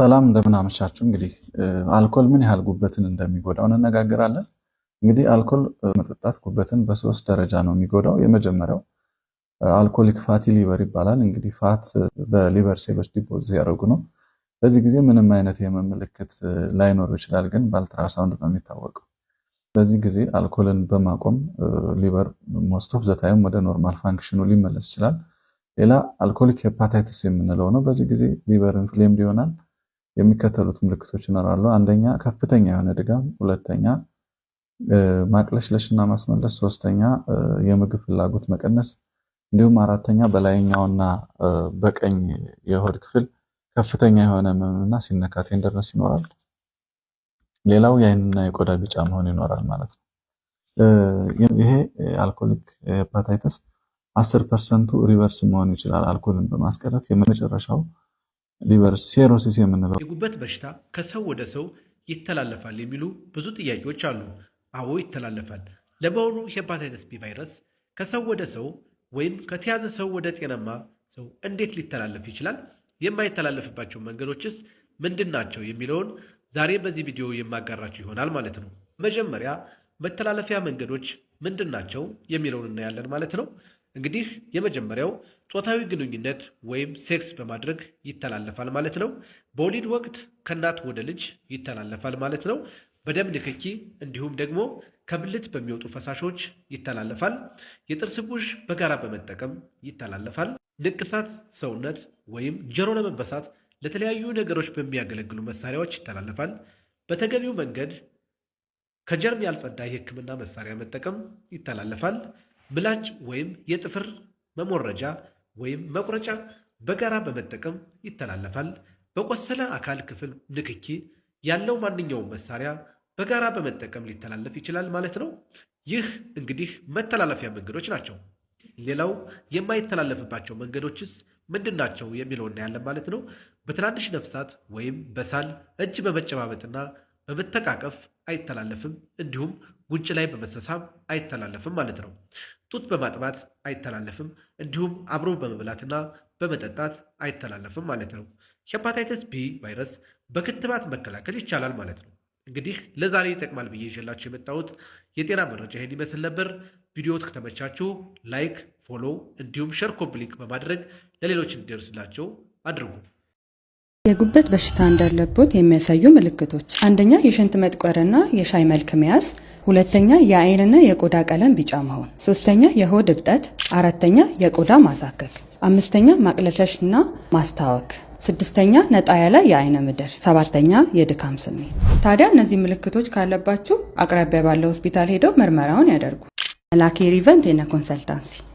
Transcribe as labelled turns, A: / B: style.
A: ሰላም እንደምን እንግዲህ አልኮል ምን ያህል ጉበትን እንደሚጎዳው እንነጋገራለን። እንግዲህ አልኮል መጠጣት ጉበትን በሶስት ደረጃ ነው የሚጎዳው። የመጀመሪያው አልኮሊክ ፋቲ ሊቨር ይባላል። እንግዲህ ፋት በሊቨር ሴሎች ዲፖዝ ያደርጉ ነው። በዚህ ጊዜ ምንም አይነት የህመም ምልክት ላይኖረው ይችላል፣ ግን በአልትራሳውንድ ነው የሚታወቀው። በዚህ ጊዜ አልኮልን በማቆም ሊቨር ሞስት ኦፍ ወደ ኖርማል ፋንክሽኑ ሊመለስ ይችላል። ሌላ አልኮሊክ ሄፓታይትስ የምንለው ነው። በዚህ ጊዜ ሊቨር ፍሌምድ ይሆናል። የሚከተሉት ምልክቶች ይኖራሉ። አንደኛ ከፍተኛ የሆነ ድጋም፣ ሁለተኛ ማቅለሽለሽና ማስመለስ፣ ሶስተኛ የምግብ ፍላጎት መቀነስ፣ እንዲሁም አራተኛ በላይኛውና በቀኝ የሆድ ክፍል ከፍተኛ የሆነ ህመምና ሲነካ ቴንደርነስ ይኖራል። ሌላው የአይንና የቆዳ ቢጫ መሆን ይኖራል ማለት ነው። ይሄ አልኮሊክ ሄፓታይተስ አስር ፐርሰንቱ ሪቨርስ መሆን ይችላል አልኮልን በማስቀረት የመጨረሻው ሊቨር የምንለው የጉበት በሽታ ከሰው ወደ ሰው ይተላለፋል የሚሉ ብዙ ጥያቄዎች አሉ። አዎ ይተላለፋል። ለመሆኑ ሄፓታይተስ ቢ ቫይረስ ከሰው ወደ ሰው ወይም ከተያዘ ሰው ወደ ጤናማ ሰው እንዴት ሊተላለፍ ይችላል? የማይተላለፍባቸው መንገዶችስ ምንድን ናቸው? የሚለውን ዛሬ በዚህ ቪዲዮ የማጋራቸው ይሆናል ማለት ነው። መጀመሪያ መተላለፊያ መንገዶች ምንድን ናቸው የሚለውን እናያለን ማለት ነው። እንግዲህ የመጀመሪያው ጾታዊ ግንኙነት ወይም ሴክስ በማድረግ ይተላለፋል ማለት ነው። በወሊድ ወቅት ከእናት ወደ ልጅ ይተላለፋል ማለት ነው። በደም ንክኪ እንዲሁም ደግሞ ከብልት በሚወጡ ፈሳሾች ይተላለፋል። የጥርስ ቡሽ በጋራ በመጠቀም ይተላለፋል። ንቅሳት ሰውነት ወይም ጀሮ ለመበሳት ለተለያዩ ነገሮች በሚያገለግሉ መሳሪያዎች ይተላለፋል። በተገቢው መንገድ ከጀርም ያልጸዳ የህክምና መሳሪያ መጠቀም ይተላለፋል። ምላጭ ወይም የጥፍር መሞረጃ ወይም መቁረጫ በጋራ በመጠቀም ይተላለፋል። በቆሰለ አካል ክፍል ንክኪ ያለው ማንኛውም መሳሪያ በጋራ በመጠቀም ሊተላለፍ ይችላል ማለት ነው። ይህ እንግዲህ መተላለፊያ መንገዶች ናቸው። ሌላው የማይተላለፍባቸው መንገዶችስ ምንድን ናቸው የሚለው እናያለን ማለት ነው። በትናንሽ ነፍሳት ወይም በሳል እጅ በመጨባበጥና በመተቃቀፍ አይተላለፍም፣ እንዲሁም ጉንጭ ላይ በመሰሳብ አይተላለፍም ማለት ነው። ጡት በማጥባት አይተላለፍም፣ እንዲሁም አብሮ በመብላትና በመጠጣት አይተላለፍም ማለት ነው። ሄፓታይተስ ቢ ቫይረስ በክትባት መከላከል ይቻላል ማለት ነው። እንግዲህ ለዛሬ ይጠቅማል ብዬ ይዤላችሁ የመጣሁት የጤና መረጃ ይህን ይመስል ነበር። ቪዲዮ ከተመቻችሁ ላይክ፣ ፎሎ እንዲሁም ሸር ኮፕሊክ በማድረግ ለሌሎች እንዲደርስላቸው አድርጉ።
B: የጉበት በሽታ እንዳለቦት የሚያሳዩ ምልክቶች አንደኛ የሽንት መጥቆርና የሻይ መልክ መያዝ፣ ሁለተኛ የአይንና የቆዳ ቀለም ቢጫ መሆን፣ ሶስተኛ የሆድ እብጠት፣ አራተኛ የቆዳ ማሳከክ፣ አምስተኛ ማቅለሸሽና ማስታወክ፣ ስድስተኛ ነጣ ያለ የአይነ ምድር፣ ሰባተኛ የድካም ስሜት። ታዲያ እነዚህ ምልክቶች ካለባችሁ አቅራቢያ ባለ ሆስፒታል ሄደው ምርመራውን ያደርጉ። መላኬ ሪቨንት የነ ኮንሰልታንሲ